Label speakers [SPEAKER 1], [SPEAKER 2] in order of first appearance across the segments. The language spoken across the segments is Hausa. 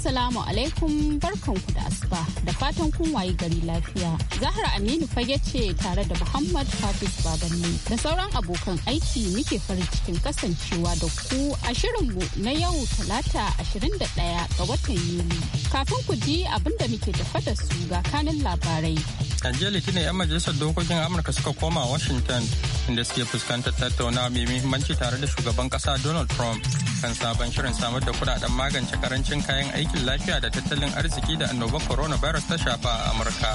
[SPEAKER 1] Assalamu alaikum barkanku da asuba da fatan kun waye gari lafiya. Zahra Aminu fage ce tare da Muhammad Hafiz Babanni da sauran abokan aiki muke farin cikin kasancewa da ku a shirinmu na yau talata 21 ga watan Yuli. Kafin ku ji abin da muke tafa da su ga kanin labarai.
[SPEAKER 2] jiya litinin 'yan majalisar dokokin amurka suka koma washington inda suke fuskantar tattaunawa mai muhimmanci tare da shugaban kasa donald trump kan sabon shirin samar da kudaden magance karancin kayan aikin lafiya da tattalin arziki da annobar coronavirus ta shafa a amurka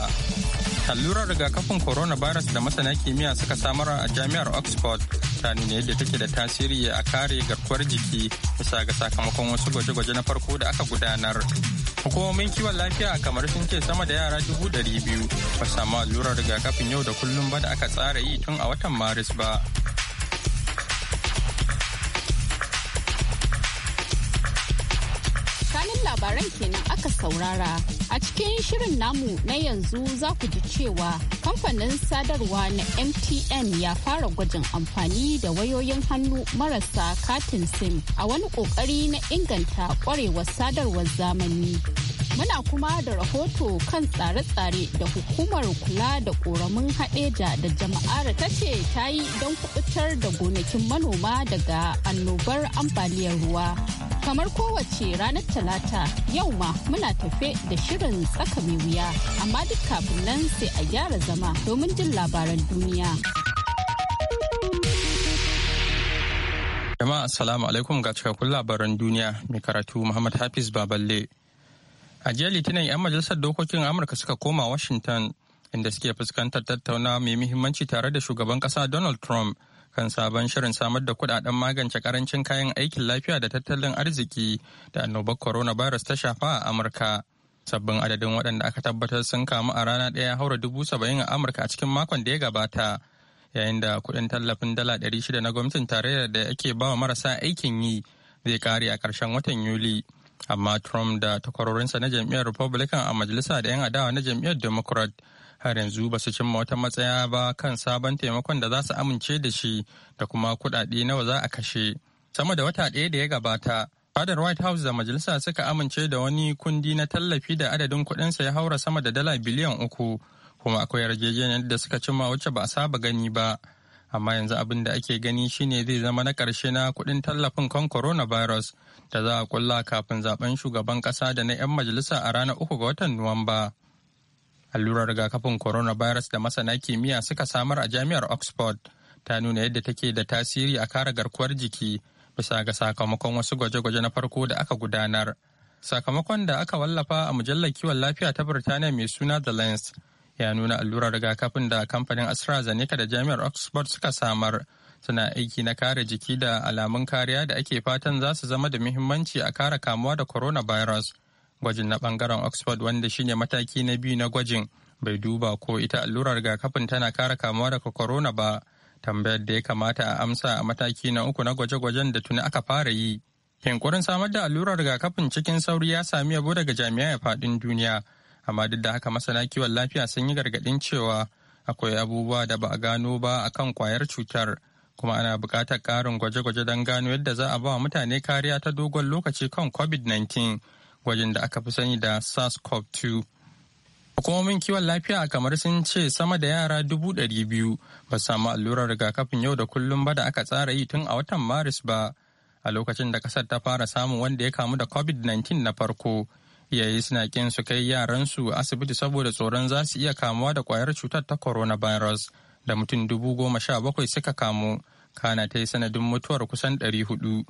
[SPEAKER 2] allurar rigakafin coronavirus da masana kimiyya suka samar a jami'ar oxford ta nuna yadda take da tasiri a kare garkuwar jiki bisa ga sakamakon wasu gwaje-gwaje na farko da aka gudanar hukumomin kiwon lafiya kamar sun ce sama da yara dubu dari biyu ba samu allurar rigakafin yau da kullum ba da aka tsara yi tun a watan maris ba
[SPEAKER 1] labaran kenan aka saurara. A cikin shirin namu na yanzu za ku ji cewa kamfanin sadarwa na MTN ya fara gwajin amfani da wayoyin hannu marasa katin SIM a wani kokari na inganta kwarewar sadarwar zamani. Muna kuma da rahoto kan tsare-tsare da hukumar kula da ƙoramin haɗeja da jama'ar ta ce ta yi don kubutar da gonakin manoma daga annobar ambaliyar ruwa. Kamar kowace ranar Talata yau ma muna tafe da shirin tsaka mai wuya, amma duk kafin nan sai a gyara zama domin jin labaran duniya.
[SPEAKER 2] Jama'a salamu alaikum ga cikakkun labaran duniya mai karatu Muhammad Hafiz Baballe. A jiya Litinin 'yan majalisar dokokin Amurka suka koma Washington inda suke fuskantar tattaunawa mai muhimmanci tare da shugaban ƙasa Donald Trump kan sabon shirin samar da kudaden magance karancin kayan aikin lafiya da tattalin arziki da annobar Corona coronavirus ta shafa a Amurka. Sabbin adadin waɗanda aka tabbatar sun kamu a rana ɗaya haura dubu saba'in a Amurka a cikin makon da ya gabata. Yayin da kuɗin tallafin dala ɗari shida na gwamnatin tarayyar da ake bawa marasa aikin yi zai kare a ƙarshen watan Yuli. amma trump da takwarorinsa na jam'iyyar republican a majalisa da 'yan adawa na jam'iyyar democrat har yanzu ba su cimma wata matsaya ba kan sabon taimakon da za su amince da shi da kuma kudade nawa za a kashe sama da wata ɗaya da ya gabata fadar white house da majalisa suka amince da wani kundi na tallafi da adadin sa ya haura sama da dala biliyan uku kuma akwai yarjejeniyar da suka cimma wacce ba a saba gani ba amma yanzu abin da ake gani shine zai zama na ƙarshe na kuɗin tallafin kan coronavirus da za a kulla kafin zaben shugaban ƙasa da na 'yan majalisa a ranar uku ga watan nuwamba allurar rigakafin coronavirus da masana kimiyya suka samar a jami'ar oxford ta nuna yadda take da tasiri a kare garkuwar jiki bisa ga sakamakon wasu gwaje-gwaje na farko da aka gudanar sakamakon da aka wallafa a mujallar kiwon lafiya ta birtaniya mai suna the lens ya nuna allurar rigakafin da kamfanin AstraZeneca da jami'ar Oxford suka samar suna aiki na kare jiki da alamun kariya da ake fatan za su zama da muhimmanci a kare kamuwa da coronavirus. Gwajin na bangaren Oxford wanda shine mataki na biyu na gwajin bai duba ko ita allurar rigakafin tana kare kamuwa da corona ba tambayar da ya kamata a amsa a mataki na uku na gwaje-gwajen da tuni aka fara yi. Yankurin samar da allurar rigakafin cikin sauri ya sami yabo daga jami'ai ya faɗin duniya amma duk da haka masana kiwon lafiya sun yi gargadin cewa akwai abubuwa da ba a gano ba a kan kwayar cutar kuma ana bukatar ƙarin gwaje-gwaje don gano yadda za a ba wa mutane kariya ta dogon lokaci kan covid-19 gwajin da aka fi sani da sars-cov-2 hukumomin kiwon lafiya kamar sun ce sama da yara dubu ɗari biyu ba samu allurar rigakafin yau da kullum ba da aka tsara yi tun a watan maris ba a lokacin da kasar ta fara samun wanda ya kamu da covid-19 na farko iyaye suna kin su kai yaransu asibiti saboda tsoron za su iya kamuwa da kwayar cutar ta coronavirus da mutum dubu goma sha bakwai suka kamu kana ta yi sanadin mutuwar kusan ɗari hudu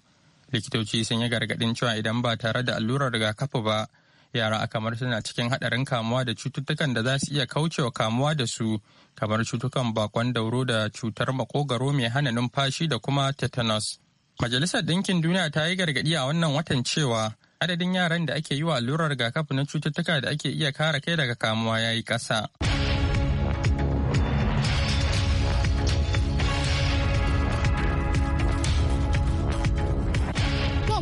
[SPEAKER 2] likitoci sun yi gargaɗin cewa idan ba tare da allurar rigakafi ba yara a kamar suna cikin haɗarin kamuwa da cututtukan da za su iya kaucewa kamuwa da su kamar cutukan bakon dauro da cutar makogaro mai hana numfashi da kuma tetanus majalisar ɗinkin duniya ta yi gargaɗi a wannan watan cewa adadin yaran da ake yi wa allurar rigakafi na cututtuka da ake iya kare kai daga kamuwa yayi yi ƙasa.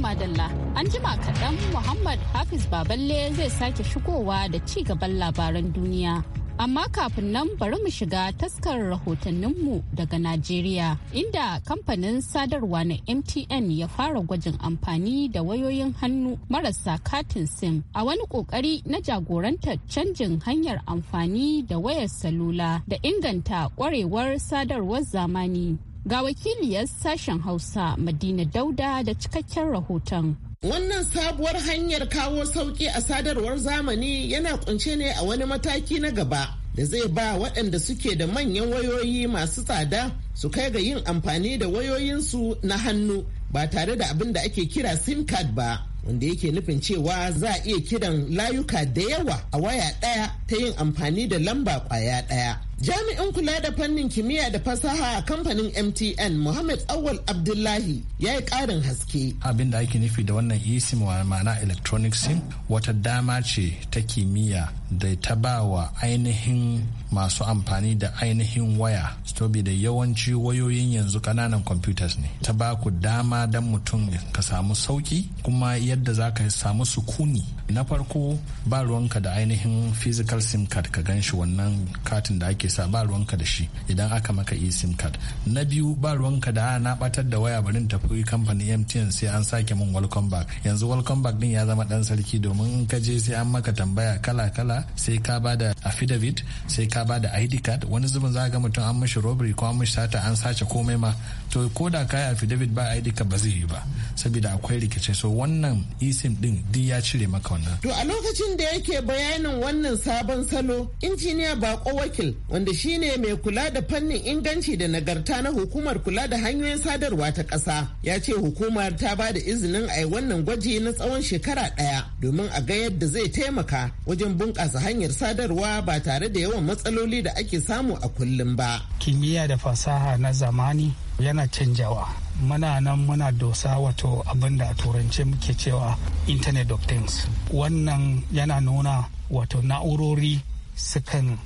[SPEAKER 1] madalla an jima kaɗan muhammad hafiz baballe zai sake shigowa da ci gaban labaran duniya Amma kafin nan bari mu shiga taskar rahotanninmu daga Najeriya inda kamfanin sadarwa na MTN ya fara gwajin amfani da wayoyin hannu marasa katin SIM a wani kokari na jagorantar canjin hanyar amfani da wayar salula da inganta kwarewar sadarwar zamani. Ga wakiliyar sashen Hausa Madina Dauda da cikakken rahoton. Wannan sabuwar hanyar kawo sauƙi a sadarwar
[SPEAKER 3] zamani yana kunshe ne a wani mataki na gaba da zai ba waɗanda suke da manyan wayoyi masu tsada su kai ga yin amfani da wayoyinsu na hannu ba tare da abin da ake kira sim card ba. wanda yake nufin cewa za a iya kiran layuka da yawa a waya ɗaya ta yin amfani da lamba kwaya ɗaya. Jami'in kula da fannin kimiyya da fasaha a kamfanin MTN Muhammad Awal Abdullahi ya yi ƙarin haske. Abin da ake nufi da wannan eSIM ma'ana electronic SIM wata dama ce
[SPEAKER 4] ta kimiyya da ta ba wa ainihin masu amfani da ainihin waya. da yawanci wayoyin yanzu kananan computers ne. Ta ba ku dama don mutum ka samu sauki kuma yadda za ka samu sukuni. Na farko ba ruwanka da ainihin physical SIM card ka gan shi wannan katin da ake isa ba ruwanka da shi idan aka maka eSIM card na biyu ba ruwanka da ah, na batar da waya barin tafi kamfanin mtn sai an sake min welcome back yanzu welcome back din ya zama dan sarki domin in ka je sai an maka tambaya kala kala sai ka ba da affidavit sai ka ba da id card wani zubin za ga mutum an mishi robbery ko an mishi sata an sace komai ma to ko da ka yi affidavit ba id card ba zai yi ba saboda akwai rikice so wannan eSIM sim din duk ya cire maka wannan
[SPEAKER 3] to a lokacin da yake bayanin wannan sabon salo injiniya bako wakil wanda shine mai kula da fannin inganci da nagarta na hukumar kula da hanyoyin sadarwa ta ƙasa ya ce hukumar ta ba da izinin a yi wannan gwaji na tsawon shekara ɗaya domin a ga yadda zai taimaka wajen bunƙasa hanyar sadarwa ba tare da yawan matsaloli da ake samu a kullum ba. Kimiyya da fasaha na zamani yana canjawa muna nan muna dosa
[SPEAKER 5] wato abin da a turance muke cewa internet of things wannan yana nuna wato na'urori sukan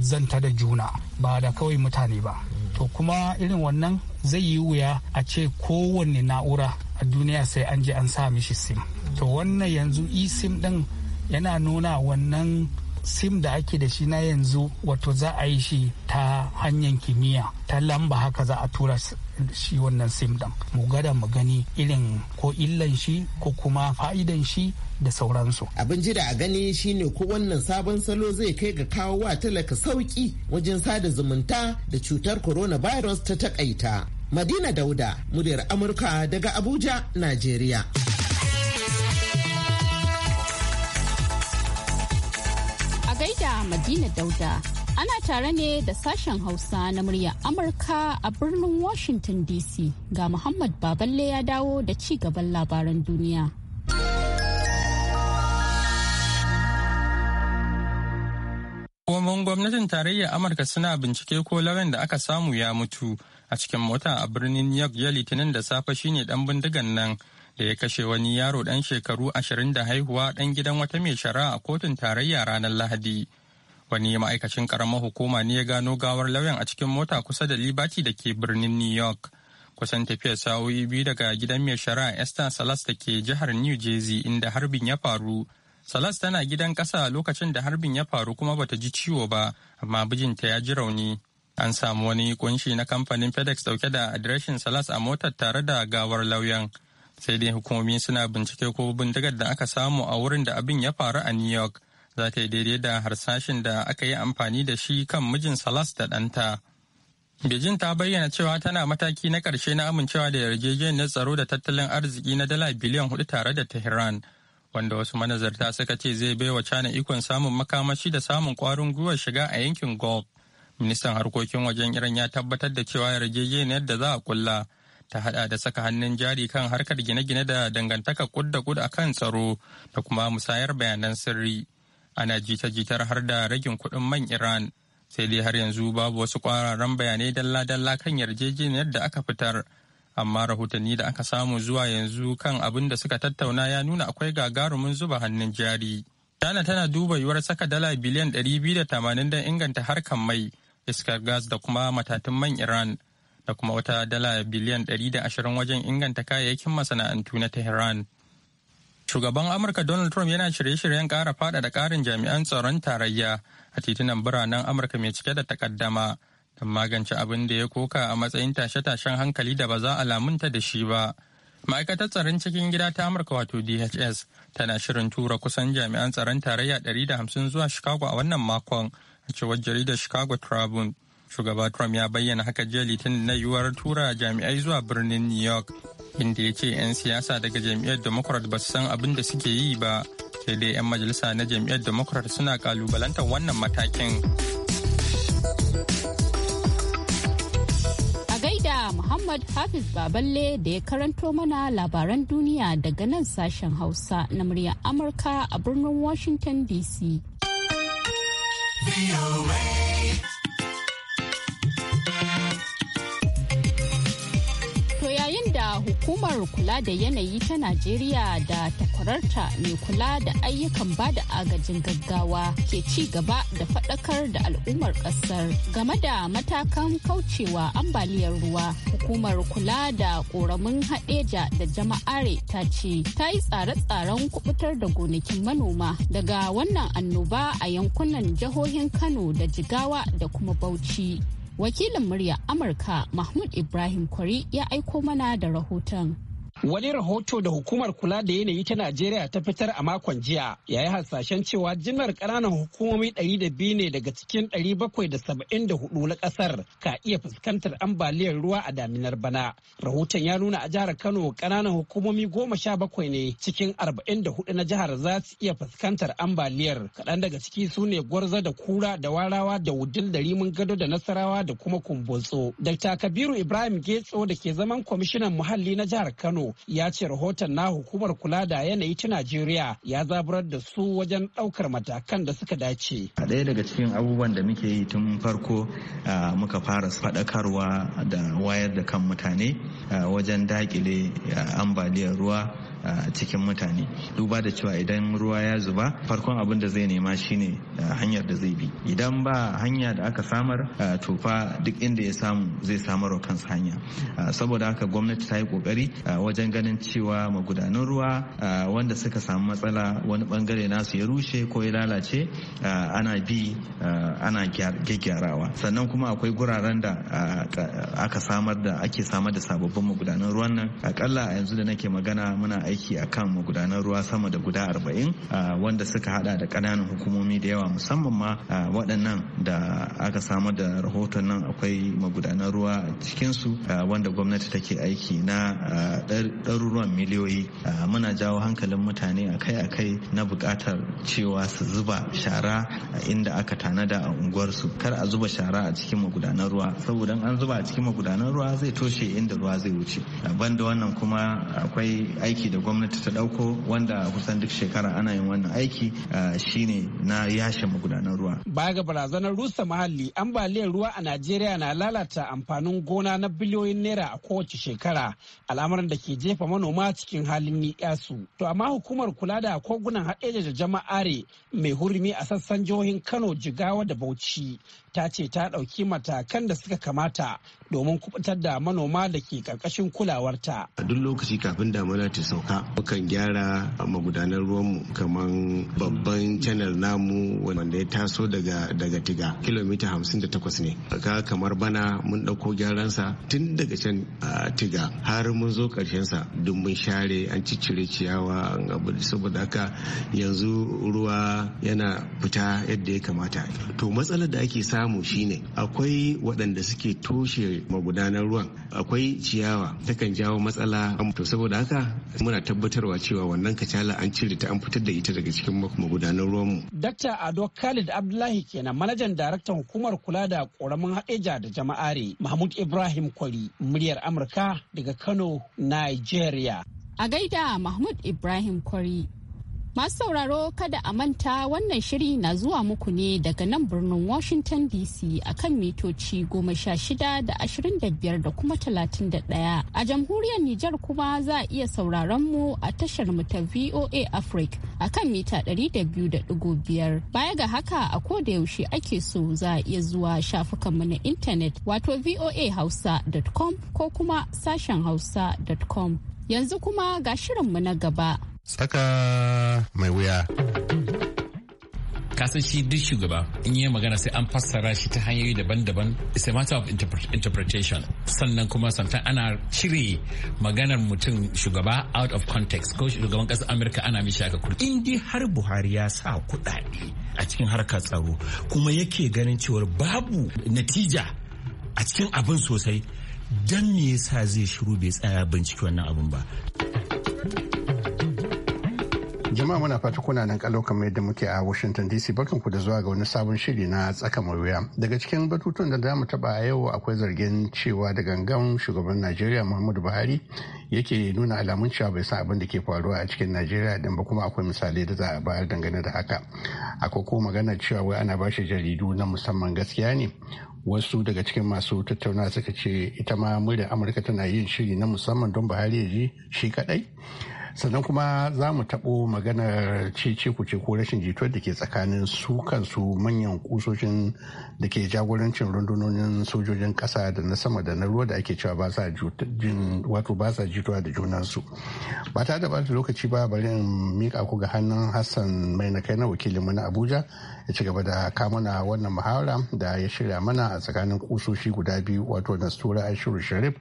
[SPEAKER 5] zanta da juna ba da kawai mutane ba to kuma irin wannan zai yi wuya a ce kowanne na'ura a duniya sai an je an sa mishi sim to wannan yanzu e sim din yana nuna wannan sim da ake da shi na yanzu wato za a yi shi ta hanyar kimiyya ta lamba haka za a tura shi wannan sim ɗin mu gada mu gani irin ko illan shi ko kuma fa'idan shi
[SPEAKER 3] da sauransu. Abin da a gani shine ko wannan sabon salo zai kai ga kawo wa talaka sauki wajen sada zumunta da cutar coronavirus ta takaita. Madina Dauda, muryar Amurka daga Abuja, Najeriya.
[SPEAKER 1] da Madina Dauda. Ana tare ne da sashen Hausa na murya Amurka a birnin Washington DC ga Muhammad Baballe ya dawo da ci gaban labaran duniya.
[SPEAKER 2] Komon gwamnatin tarayyar Amurka suna bincike ko lauyan da aka samu ya mutu a cikin mota a birnin New York ya litinin da safe shine dan bindigan nan da ya kashe wani yaro ɗan shekaru ashirin da haihuwa ɗan gidan wata mai shara a kotun tarayya ranar Lahadi. Wani ma'aikacin ƙaramar hukuma ne ya gano gawar lauyan a cikin mota kusa da libati da ke birnin New York. Kusan tafiyar sa'o'i biyu daga gidan mai shari'a Esther Salas da ke jihar New Jersey inda harbin ya faru. Salas tana gidan ƙasa lokacin da harbin ya faru kuma bata ji ciwo ba, amma bijinta ya ji rauni. An samu wani kunshi na kamfanin FedEx dauke da adireshin Salas a motar tare da gawar lauyan. sai dai hukumomi suna bincike ko bindigar da aka samu a wurin da abin ya faru a new york za ta yi daidai da harsashin da aka yi amfani da shi kan mijin salas da ɗanta beijing ta bayyana cewa tana mataki na ƙarshe na amincewa da yarjejeniyar tsaro da tattalin arziki na dala biliyan hudu tare da tehran wanda wasu manazarta suka ce zai wa cana ikon samun makamashi da samun kwarin gwiwar shiga a yankin gulf ministan harkokin wajen iran ya tabbatar da cewa yarjejeniyar da za a kulla ta hada da saka hannun jari kan harkar gine-gine da dangantaka kud da kud kan tsaro da kuma musayar bayanan sirri ana jita-jitar har da ragin kudin man iran sai dai har yanzu babu wasu kwararan bayanai dalla-dalla kan yarjejeniyar da aka fitar amma rahotanni da aka samu zuwa yanzu kan abin da suka tattauna ya nuna akwai gagarumin zuba hannun jari china tana duba yiwuwar saka dala biliyan 280 don inganta harkar mai iskar gas da kuma matatun man iran da kuma wata dala biliyan 120 wajen inganta kayayyakin masana'antu na Tehran. Shugaban Amurka Donald Trump yana shirye-shiryen ƙara faɗaɗa karin jami'an tsaron tarayya a titunan biranen Amurka mai cike da takaddama don magance abin da ya koka a matsayin tashe-tashen hankali da ba za a lamunta da shi ba. Ma'aikatar tsaron cikin gida ta Amurka wato DHS tana shirin tura kusan jami'an tsaron tarayya 150 zuwa Chicago a wannan makon a cewar jaridar Chicago Tribune. shugaba trump ya bayyana haka jiya litinin na yiwuwar tura jami'ai zuwa birnin new york inda ya ce 'yan siyasa daga jam'iyyar democrat ba su san abin da suke yi ba sai dai 'yan majalisa na jam'iyyar democrat suna kalubalantar wannan matakin
[SPEAKER 1] a gaida muhammad hafiz baballe da ya karanto mana labaran duniya daga nan sashen hausa na muryar amurka a birnin washington dc hukumar kula da yanayi ta najeriya da takwararta mai kula da ayyukan ba da agajin gaggawa ke ci gaba da faɗakar da al'ummar ƙasar game da matakan kaucewa ambaliyar ruwa hukumar kula da ƙoramin haɗeja da jama'are ta ce ta yi tsare-tsaren kubutar da gonakin manoma daga wannan annoba a yankunan jihohin kano da jigawa da kuma bauchi wakilin murya amurka mahmud ibrahim kwari ya aiko mana da rahoton
[SPEAKER 5] Wani rahoto da hukumar kula da yanayi ta Najeriya ta fitar a makon jiya ya yi hasashen cewa jimar ƙananan hukumomi biyu ne daga cikin bakwai da da saba'in hudu na ƙasar ka iya fuskantar ambaliyar ruwa a daminar bana. Rahoton ya nuna a jihar Kano ƙananan hukumomi goma sha bakwai ne cikin arba'in da hudu na jihar za su iya fuskantar ambaliyar. Kaɗan daga ciki su ne Gwarza da Kura da Warawa da Wudil da Rimin Gado da Nasarawa da kuma Kumbotso. Dr. Kabiru Ibrahim Getso da ke zaman kwamishinan muhalli na jihar Kano ya ce rahoton na hukumar kula da yanayi ta Najeriya ya zaburar da su wajen ɗaukar matakan da suka dace.
[SPEAKER 6] A ɗaya daga cikin abubuwan da muke yi tun farko muka fara faɗakarwa da wayar da kan mutane wajen dakile ambaliyar ruwa a cikin mutane duba da cewa idan ruwa ya zuba farkon abin da zai nema shine hanyar da zai bi idan ba hanya da aka samar tofa duk inda ya samu zai samar wa kansa hanya saboda haka gwamnati ta yi kokari wajen wajen ganin cewa magudanan ruwa wanda suka samu matsala wani bangare nasu ya rushe ko ya lalace ana bi ana gyaggyarawa sannan kuma akwai guraren da aka samar da ake samar da sababbin magudanan ruwan nan akalla a yanzu da nake magana muna aiki a kan magudanan ruwa sama da guda arba'in wanda suka hada da ƙananan hukumomi da yawa musamman ma waɗannan da aka samar da rahoton nan akwai magudanan ruwa cikinsu wanda gwamnati take aiki na ɗaruruwan miliyoyi muna jawo hankalin mutane akai-akai na buƙatar cewa su zuba shara a inda aka tanada a unguwarsu kar a zuba shara a cikin magudanan ruwa saboda an zuba a cikin magudanar ruwa zai toshe inda ruwa zai wuce Banda wannan kuma akwai aiki da gwamnati ta ɗauko wanda kusan duk shekara ana yin wannan aiki shine na yashe magudanan ruwa
[SPEAKER 5] baya ga barazanar rusa muhalli ambaliyar ruwa a najeriya na lalata amfanin gona na biliyoyin naira a kowace shekara al'amarin da ke jefa manoma cikin halin ni'yasu. To amma hukumar kula da kogunan haɗe da jama'are mai hurumi a sassan jihohin Kano, Jigawa da Bauchi ta ce ta ɗauki matakan da suka kamata domin kubutar da manoma da ke ƙarƙashin kulawarta.
[SPEAKER 3] A duk lokaci kafin
[SPEAKER 6] damuna ta sauka, mukan gyara magudanar ruwanmu kamar babban canal namu wanda ya taso daga daga tiga kilomita hamsin da takwas ne. Ka kamar bana mun ɗauko gyaran sa tun daga can tiga har mun zo sa duk mun share an ciccire ciyawa an abu saboda haka yanzu ruwa yana fita yadda ya kamata. To matsalar da ake sa samu shine akwai waɗanda suke toshe magudanar ruwan akwai ciyawa takan jawo matsala to saboda haka muna tabbatarwa cewa wannan kacala an cire ta an fitar da ita daga cikin magudanar mu
[SPEAKER 5] Dakta Ado Khalid Abdullahi kenan manajan daraktan hukumar kula da ƙoramin haɗeja da jama'are Mahmud Ibrahim Kwari muryar Amurka daga Kano, Nigeria.
[SPEAKER 1] A gaida Mahmud Ibrahim Kwari. Masu sauraro kada a manta wannan shiri na zuwa muku ne daga nan birnin Washington DC akan mitoci goma sha shida da ashirin da biyar da kuma talatin da ɗaya. A jamhuriyar Nijar kuma za a iya sauraron mu a tashar mu ta VOA Africa akan mita ɗari da biyu da ɗigo biyar. Baya ga haka a ko da yaushe ake so za a iya zuwa shafukan mu na intanet wato voahausa.com ko kuma sashen hausa.com. Yanzu kuma ga shirinmu na gaba.
[SPEAKER 7] tsaka mai wuya.
[SPEAKER 4] kasan shi duk shugaba in yi magana sai an fassara shi ta hanyoyi daban-daban it's a matter of interpretation sannan kuma sometimes ana cire maganar mutum shugaba
[SPEAKER 8] out of context ko shugaban kasar amurka ana mishi aka kurki in dai har buhari ya sa kuɗaɗe a cikin harkar tsaro kuma yake ganin cewar babu natija a cikin abin sosai don me yasa zai shiru bai tsaya bincike wannan abin ba
[SPEAKER 7] Jama'a muna fata kuna nan kalau kamar yadda muke a Washington DC barkan ku da zuwa ga wani sabon shiri na tsaka wuya. Daga cikin batutun da zamu taba a yau akwai zargin cewa da gangan shugaban Najeriya Muhammadu Buhari yake nuna alamun cewa bai san abin da ke faruwa a cikin Najeriya din ba kuma akwai misalai da za a bayar dangane da haka. Akwai ko magana cewa wai ana bashi jaridu na musamman gaskiya ne. wasu daga cikin masu tattauna suka ce ita ma muryar amurka tana yin shiri na musamman don buhari ya ji shi kadai sannan kuma za mu taɓo maganar cece ku ko rashin jituwar da ke tsakanin su kansu manyan kusoshin da ke jagorancin rundunonin sojojin ƙasa da na sama da na ruwa da ake cewa ba sa jituwa da junansu ba ta da bata lokaci ba bari in mika ku ga hannun hassan mai na kai na wakilinmu na abuja ya ci gaba da kamuna wannan muhawara da ya shirya mana a tsakanin kusoshi guda biyu wato nastura ashiru sharif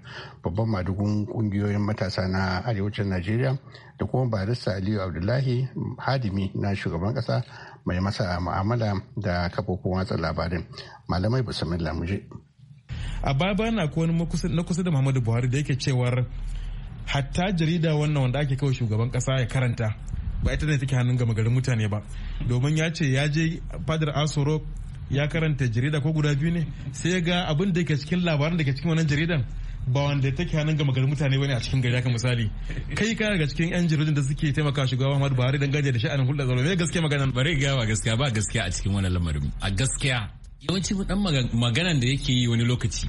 [SPEAKER 7] babban madugun kungiyoyin matasa na arewacin najeriya da kuma barista aliyu abdullahi hadimi na shugaban kasa mai masa mu'amala da kafofin watsa labarin malamai bismillah muje
[SPEAKER 9] a baya na ko na kusa da muhammadu buhari da yake cewar hatta jarida wannan wanda ake kawo shugaban kasa ya karanta ba ita ne take hannun gama garin mutane ba domin ya ce ya je fadar asoro ya karanta jarida ko guda biyu ne sai ya ga abin da ke cikin labaran da ke cikin wannan jaridan ba wanda take hannun gama garin mutane bane a cikin gari haka misali kai ka daga cikin yan jirgin da suke taimaka shugaba Muhammadu Buhari dangane da sha'anin hulɗar tsaro ne gaskiya magana bari ga ba gaskiya
[SPEAKER 4] ba gaskiya a cikin wannan lamarin a gaskiya yawanci dan maganan da yake yi wani lokaci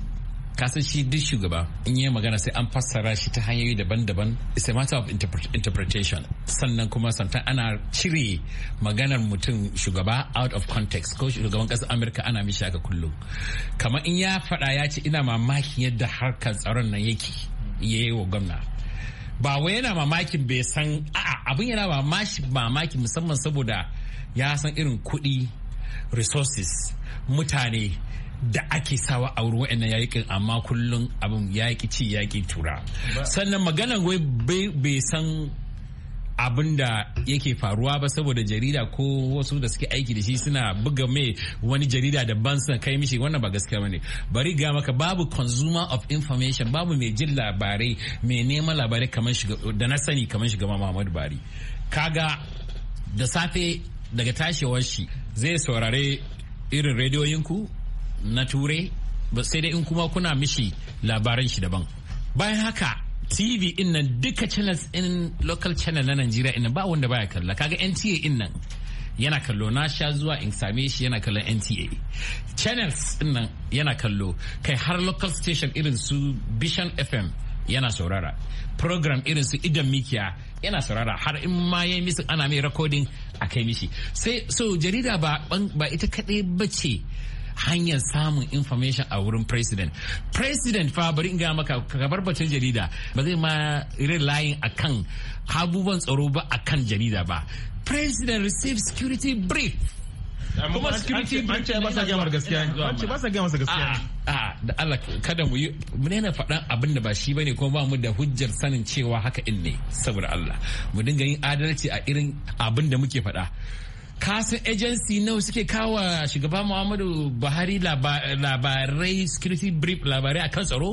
[SPEAKER 4] kasan shi duk shugaba in yi magana sai an fassara shi ta hanyoyi daban-daban it's a matter of interpretation sannan kuma santan ana cire maganar mutum shugaba out of context ko shugaban kasar amurka ana mishi haka kullum kamar in ya faɗa ya ce ina mamakin yadda harkar tsaron nan yake ya yi wa gwamna ba wai yana mamakin bai san a'a abin yana mamaki musamman saboda ya san irin kuɗi resources mutane da ake sawa a wurin wa'annan yaƙin amma kullum abin yaƙi ci yaƙi tura sannan maganar wai bai san abin da yake faruwa ba saboda jarida ko wasu da suke aiki da shi suna buga mai wani jarida daban suna kai mishi wannan ba gaskiya bane bari ga maka babu consumer of information babu mai jin labarai mai neman labarai kamar da na sani kamar shiga Muhammadu Bari kaga da safe daga tashewar shi zai saurare irin rediyoyinku na ture sai dai in kuma kuna mishi labaran shi daban bayan haka tv in nan duka channels in local channel na najeriya in ba wanda baya kalla kaga nta in nan yana kallo na sha zuwa in same shi yana kallon nta channels in nan yana kallo kai har local station irin su bishan fm yana saurara program irin su idan mikiya yana saurara har in ma ya misu ana mai recording a kai mishi sai so jarida ba, ba ita kaɗai bace hanyar samun information a wurin president president fa bari in ga maka bar batun jarida ba zai ma relying akan abubuwan tsaro ba akan jarida ba president receive security brief
[SPEAKER 9] kuma security brief ba sa gaya gaskiya ba sa gaya masa gaskiya
[SPEAKER 4] a da Allah kada mu yi mu ne faɗan abin da ba shi bane kuma ba mu da hujjar sanin cewa haka in ne saboda Allah mu dinga yin adalci a irin abin da muke faɗa kasan agency nawa suke kawo shugaba muhammadu buhari labarai security brief labarai a kan tsaro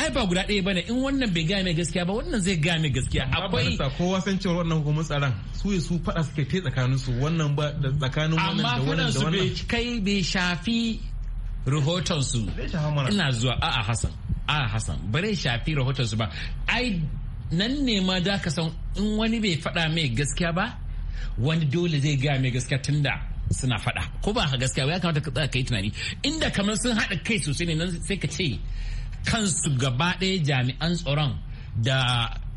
[SPEAKER 4] ai ba guda ɗaya bane in wannan bai gane gaskiya ba wannan zai gane gaskiya
[SPEAKER 9] akwai ba kowa san cewa wannan hukumar tsaron su ya su fada suke te tsakanin su wannan ba da tsakanin wannan da wannan da wannan amma bai kai bai shafi rahoton su
[SPEAKER 4] ina zuwa a'a hasan a'a hasan bare shafi rahoton su ba ai nan ne ma da ka san in wani bai fada mai gaskiya ba wani dole zai gaya mai tun da suna faɗa ko ba ka gaskiya ya kamata ka tsaya kai tunani inda kamar sun haɗa kai sosai ne sai ka ce kansu gaba ɗaya jami'an tsaron da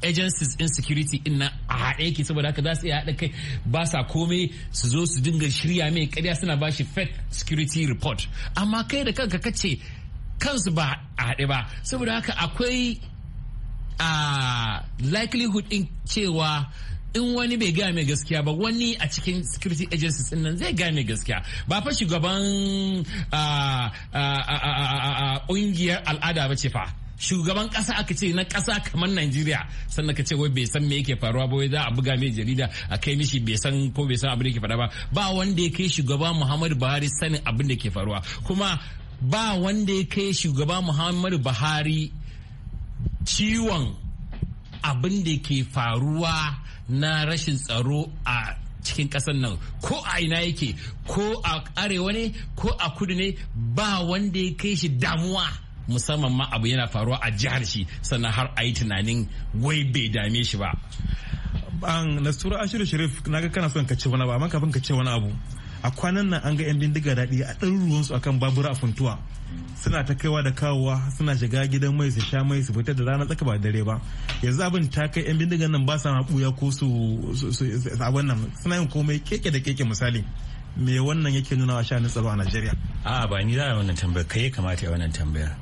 [SPEAKER 4] agencies in security in na a haɗe yake saboda haka za su iya haɗa kai ba sa komai su zo su dinga shirya mai ƙarya suna ba shi fake security report amma kai da kanka kace kansu ba a haɗe ba saboda haka akwai a ah, likelihood in cewa in wani bai gaya gaskiya ba wani a cikin security agencies din nan zai gaya mai gaskiya ba fa shugaban ah, ah, ah, ƙungiyar al'ada ba ce fa shugaban kasa aka ce na kasa kamar Najeriya sannan ka ce wai bai san me yake faruwa ba wai za a buga mai jarida a kai mishi bai san ko bai san abin da yake faruwa ba ba wanda ya kai shugaba Muhammadu Buhari sanin abin da ke faruwa kuma ba wanda ya kai shugaba Muhammadu Buhari ciwon abin da ke faruwa na rashin tsaro a cikin ƙasar nan ko a ina yake ko a arewa ne ko a kudu ne ba wanda ya kai shi damuwa musamman ma abu yana faruwa a jihar shi sannan har a yi tunanin wai bai dame shi
[SPEAKER 9] ba. an nasura ashiru sharif naga kana son ka ce wani abu amma kafin ka ce wani abu a kwanan nan an ga 'yan bindiga daɗi a ɗaruruwansu akan babura a funtuwa suna ta kaiwa da kawowa suna shiga gidan mai su sha mai su fita da rana tsaka ba dare ba yanzu abin ta kai 'yan bindigan nan ba sa ma ɓuya ko su abin nan suna yin komai keke da keke misali me wannan yake nuna wa sha tsaro a najeriya
[SPEAKER 8] a ba ni za a wannan tambayar kai ya kamata ya wannan tambayar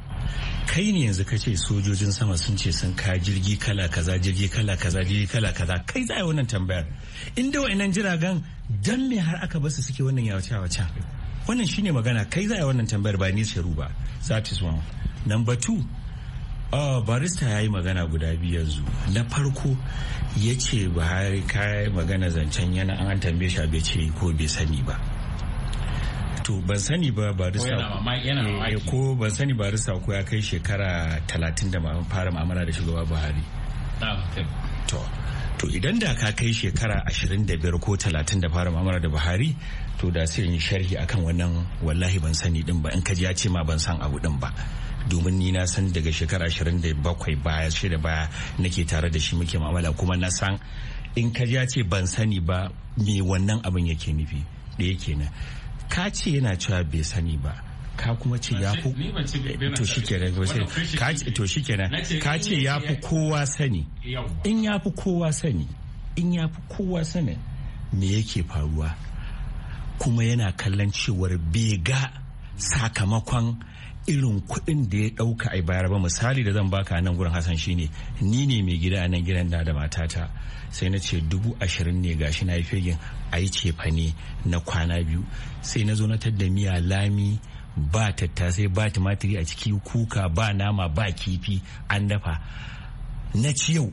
[SPEAKER 8] kai ne yanzu ka ce sojojin sama sun ce sun ka jirgi kala kaza jirgi kala kaza jirgi kala kaza kai za a yi wannan tambayar inda wa'annan jiragen dan me har aka basu suke wannan yawace yawace wannan shine magana kai za a yi wannan tambayar ba ni sharu ba that is one number two Oh, barista ya yi magana guda biyu yanzu na farko ya ce buhari kai magana zancen yana an tambaye shi bai ce ko bai sani ba to ban sani ba barista eh, ko ban sani ko ya kai shekara talatin da fara mu'amala da shugaba buhari to to idan da ka kai shekara 25 ko 30 da fara mu'amala da buhari to da sai in sharhi akan wannan wallahi ban sani din ba in ka ji ya ce ma ban san abu din ba domin ni na san daga shekara 27 baya da baya nake tare da shi muke ma'amala kuma na san in ka ji ya ce ban sani ba me wannan abin yake nufi da yake na ka ce yana cewa bai sani ba ka kuma ce ya fi to shikenan to shikenan ka ce ya fi kowa sani in ya fi kowa sani in ya fi kowa sani me yake faruwa kuma yana kallon cewar bai ga sakamakon irin kuɗin da ya ɗauka a bayar ba misali da zan baka nan gurin Hassan shine ni ne mai gida a nan gidan na da matata sai na ce dubu ashirin ne ga shi na yi fegin a yi cefane na kwana biyu sai na zo na tadda miya lami ba tattasai ba tumatiri a ciki kuka ba nama ba kifi an dafa na ci yau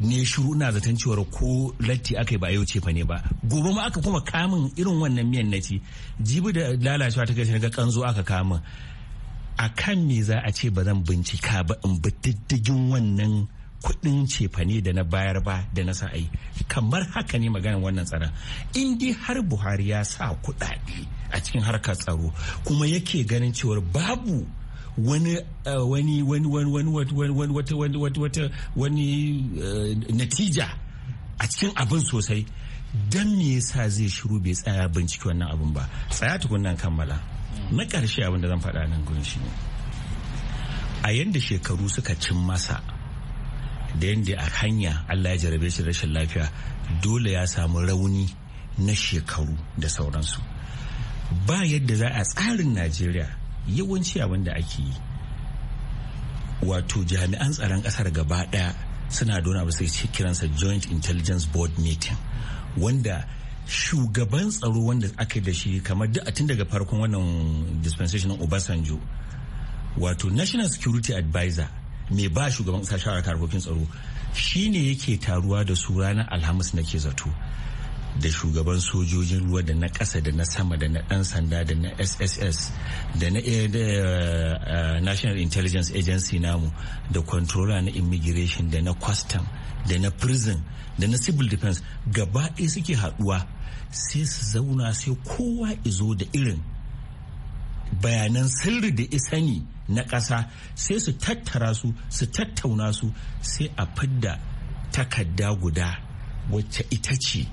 [SPEAKER 8] ne shiru na zaton cewar ko latti aka yi ba yau cefa ne ba gobe ma aka kuma kamun irin wannan miyan na ci jibi da lalacewa ta na ga kanzo aka kamun a kan me za a ce ba zan bincika ba in bi diddigin wannan kudin cefane da na bayar ba da na sa'ai kamar haka ne maganar wannan tsaron in dai har buhari ya sa kudade a cikin harkar tsaro kuma yake ganin cewar babu wani eh, wani wani wani wani wani wata wani wata wani eh, natija a cikin abin sosai Dan me yasa zai shiru bai tsaya bincike wannan abin ba tsaya tukunnan kammala na ƙarshe abinda zan faɗa nan gurin shi ne a yadda shekaru suka cin masa da yadda a hanya allah ya jarabe shi rashin lafiya dole ya samu rauni na shekaru da sauransu ba yadda za a tsarin najeriya yawanci abinda ake yi wato jami'an tsaron ƙasar gaba ɗaya suna dona ba sai kiransa joint intelligence board meeting wanda shugaban tsaro wanda aka da shi kamar duk tun daga farkon wannan dispensation obasanjo wato national security advisor mai ba shugaban kasa shawara harkokin tsaro shi ne yake taruwa da su ranar alhamis na ke zato da shugaban sojojin ruwa da na ƙasa da na sama da na ɗan sanda da na sss da na eh, eh, national intelligence agency namu da controller na immigration da na custom da na prison da na civil defense gaba ɗaya suke haɗuwa sai su zauna sai kowa izo da irin bayanan sirri da isani na ƙasa sai su tattara su su tattauna su sai a fidda takarda guda wacce ita ce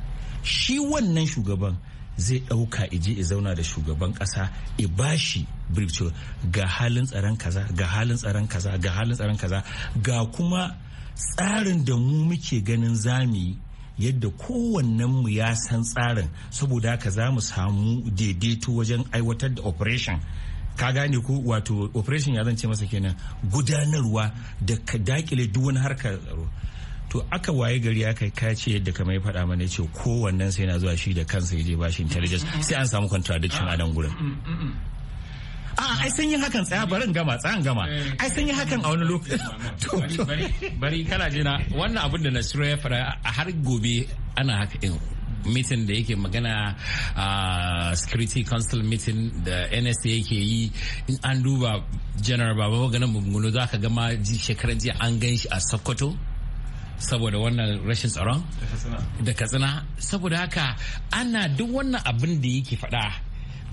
[SPEAKER 8] shi wannan shugaban zai ɗauka ije ya zauna da shugaban ƙasa ya bashi shi ga halin tsaron kaza ga halin tsaron kaza ga halin tsaron kaza ga kuma tsarin da mu muke ganin zami yadda kowannen mu ya san tsarin saboda haka za mu samu daidaito wajen aiwatar da operation ka gane ko wato operation ya zance masa kenan gudanarwa da ka dakile duk wani harkar tsaro to aka waye gari aka ka ce yadda kamar ya faɗa mana ce kowannen sai na zuwa shi da kansa ya je bashi intelligence mm-hmm. sai an samu contradiction a nan gurin mm-hmm. Mm-hmm. a ai sun yi hakan tsaya barin gama tsayan gama eh. ai sun yi hakan a wani lokaci bari kana jina wannan abin da
[SPEAKER 4] nasiru ya fara a har gobe ana haka in mitin da yake magana a security council meeting da nsa yake yi in an duba general baba ganin mungunu za ka gama shekaran jiya an gan shi a sokoto saboda wannan rashin tsaron da katsina saboda haka ana duk wannan abin da yake faɗa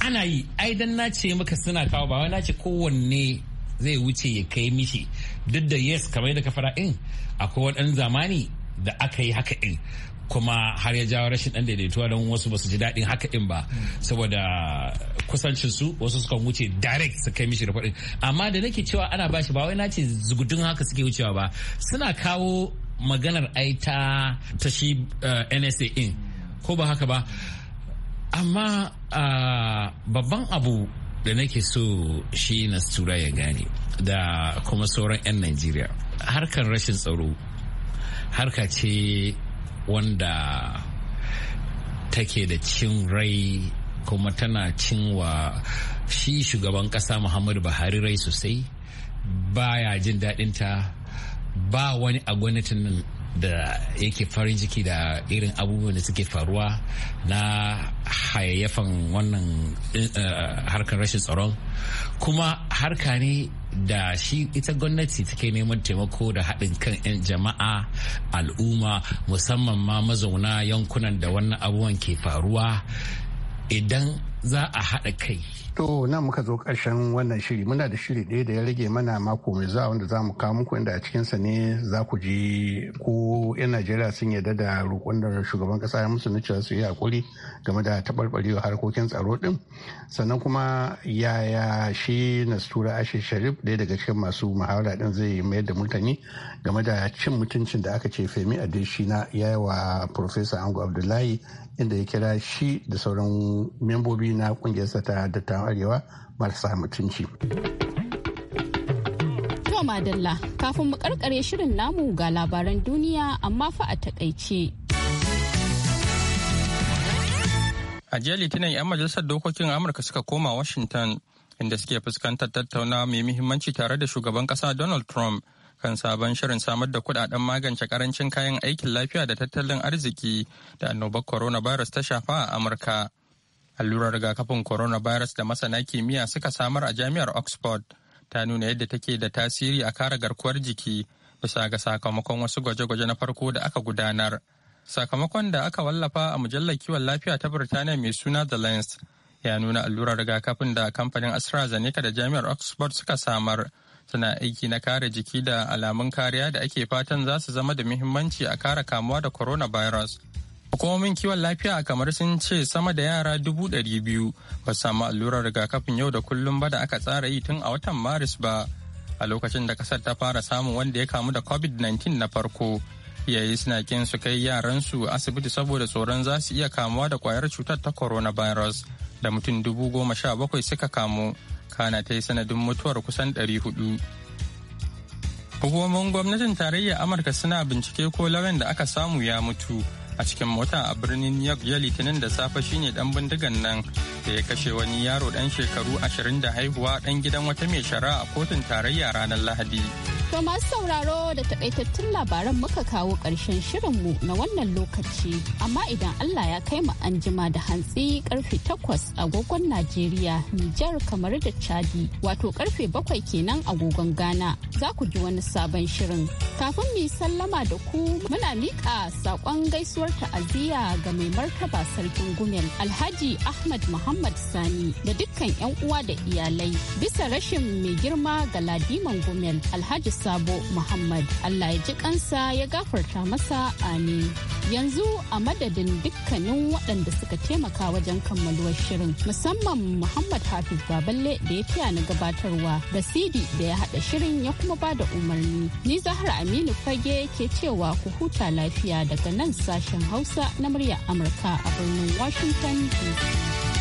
[SPEAKER 4] ana yi ai dan na ce maka suna kawo ba ce kowanne zai wuce ya kai mishi duk da yes kamar yadda ka fara in akwai wadan zamani da aka yi haka in kuma har ya jawo rashin dan daidaituwa don wasu basu ji daɗin haka in ba saboda kusancin su wasu suka wuce direct su kai mishi da amma da nake cewa ana bashi ba wai na ce zugudun haka suke wucewa ba suna kawo maganar ai ta shi eh, nsa in ko ba haka ba amma babban abu da nake so shi na tura ya gane da kuma sauran 'yan najeriya harkar rashin tsaro harka ce wanda take da cin rai kuma tana cinwa shi shugaban kasa muhammadu buhari rai sosai baya jin daɗinta ba wani a gwamnatin nan da yake farin ciki da irin abubuwan da suke faruwa na hayayyafan wannan eh, harkar rashin tsaron kuma harka ne da shi ita gwamnati take neman taimako da haɗin kan 'yan jama'a al'umma musamman ma mazauna yankunan da wannan abubuwan ke faruwa idan za a haɗa kai.
[SPEAKER 7] To nan muka zo ƙarshen wannan shiri muna da shiri ɗaya da ya rage mana mako mai zuwa wanda za mu kawo muku inda a cikinsa ne za ku ji ko 'yan Najeriya sun yarda da roƙon da shugaban ƙasa ya musu na cewa su yi hakuri game da taɓarɓarewa harkokin tsaro ɗin sannan kuma yaya shi sura Ashe Sharif ɗaya daga cikin masu muhawara ɗin zai mayar da mutane game da cin mutuncin da aka ce Femi Adeshina ya yi wa Profesa Ango Abdullahi inda ya kira shi da sauran membobi kungiyar na da ta ta arewa marasa mutunci.
[SPEAKER 1] To madalla kafin mu karkare shirin namu ga labaran duniya amma fa a takaice.
[SPEAKER 2] A jiya Litinin 'yan majalisar dokokin Amurka suka koma Washington inda suke fuskantar tattaunawa mai muhimmanci tare da shugaban kasa Donald Trump kan sabon shirin samar da kudaden magance karancin kayan aikin lafiya da tattalin arziki da annobar coronavirus ta shafa a Amurka. allurar rigakafin corona virus da masana kimiyya suka samar a jami'ar oxford ta nuna yadda take da tasiri a kare garkuwar jiki bisa ga sakamakon wasu gwaje-gwaje na farko da aka gudanar sakamakon da aka wallafa a mujallar kiwon lafiya ta birtaniya mai suna the lens ya nuna allurar rigakafin da kamfanin astrazeneca da jami'ar oxford suka samar suna aiki na kare jiki da alamun kariya da ake fatan za su zama da muhimmanci a kare kamuwa da corona virus. Hukumomin kiwon lafiya kamar sun ce sama da yara dubu ɗari biyu ba samu allurar rigakafin yau da kullum ba da aka tsara yi tun a watan Maris ba a lokacin da kasar ta fara samun wanda ya kamu da COVID-19 na farko. yayi suna kin su kai yaransu asibiti saboda tsoron za su iya kamuwa da kwayar cutar ta coronavirus da mutum dubu goma sha bakwai suka kamu kana ta yi sanadin mutuwar kusan ɗari hudu. Hukumomin gwamnatin tarayyar Amurka suna bincike ko lauyan da aka samu ya mutu a cikin mota a birnin new york ya litinin da safe shine dan bindigan nan da ya kashe wani yaro dan shekaru ashirin da haihuwa dan gidan wata mai shara a kotun tarayya ranar lahadi
[SPEAKER 1] to masu sauraro da takaitattun labaran muka kawo karshen shirinmu na wannan lokaci amma idan allah ya kai mu anjima da hantsi karfe 8 agogon najeriya nijar kamar da chadi wato karfe 7 kenan agogon ghana za ku ji wani sabon shirin kafin mu sallama da ku muna miƙa saƙon gaisuwar ta'aziyya ga mai martaba sarkin gumel Alhaji Ahmad Muhammad Sani da dukkan 'yan uwa da iyalai bisa rashin mai girma ga ladiman gumel Alhaji Sabo Muhammad. Allah ya ji kansa ya gafarta masa a amin. Yanzu a madadin dukkanin waɗanda suka taimaka wajen kammaluwar shirin musamman Muhammad Hafiz Baballe da ya taya na gabatarwa da Sidi da ya haɗa shirin ya kuma ba da umarni. Ni Zahra Aminu Fage ke cewa ku huta lafiya daga nan sashi sashen Hausa na muryar Amurka a birnin Washington DC.